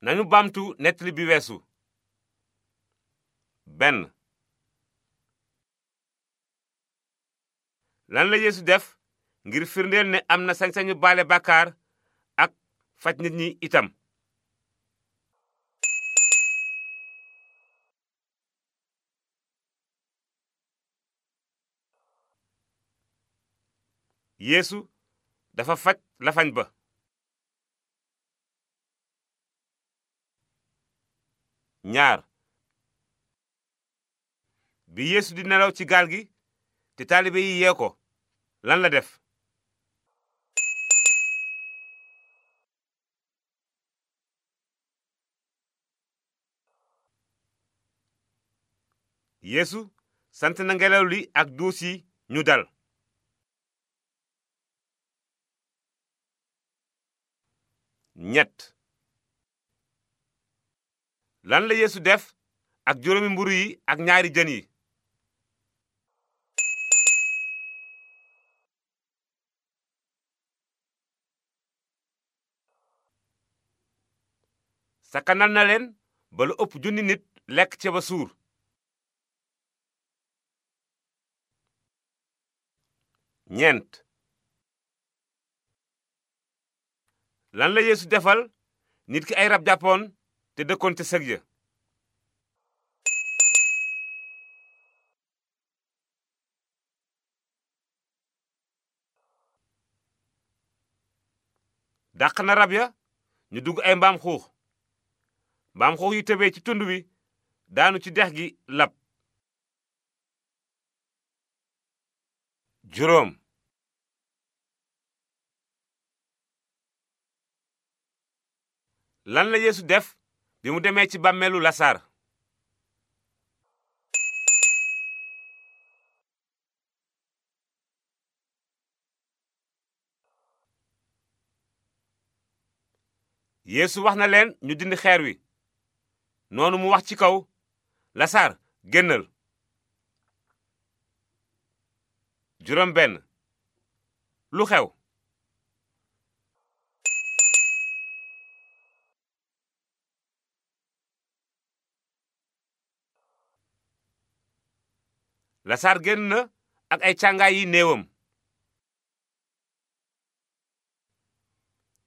nanu bamtu nettali bi weesu benn lan la yeesu def ngir firndeel ne am na sañsañu sañu baale bàkkaar ak faj nit ñi itam yéesu dafa faj lafañ ba ñaar bi yeesu di nelaw ci gaal gi te taalibe yi yee ko lan la def yéesu sant na ngelaw li ak duus yi ñu dal ñett lan la yéesu def ak juróomi mburu yi ak ñaari jën yi sakkanal na leen ba lu ëpp junni nit lekk ca ba suur ñeent lan la yéesu defal nit ki ay rab jàppoon te dëkkoon ca sëg dàq na rab ya ñu dugg ay mbaam xuux mbaam xuux yu tebee ci tund wi daanu ci dex gi lab juróom lan la yeesu def bi mu demee ci bàmmeelu lasaar yeesu wax na leen ñu dindi xeer wi noonu mu wax ci kaw lasaar génnal juróom lu xew lasaar génn na ak ay càngaay yi néewam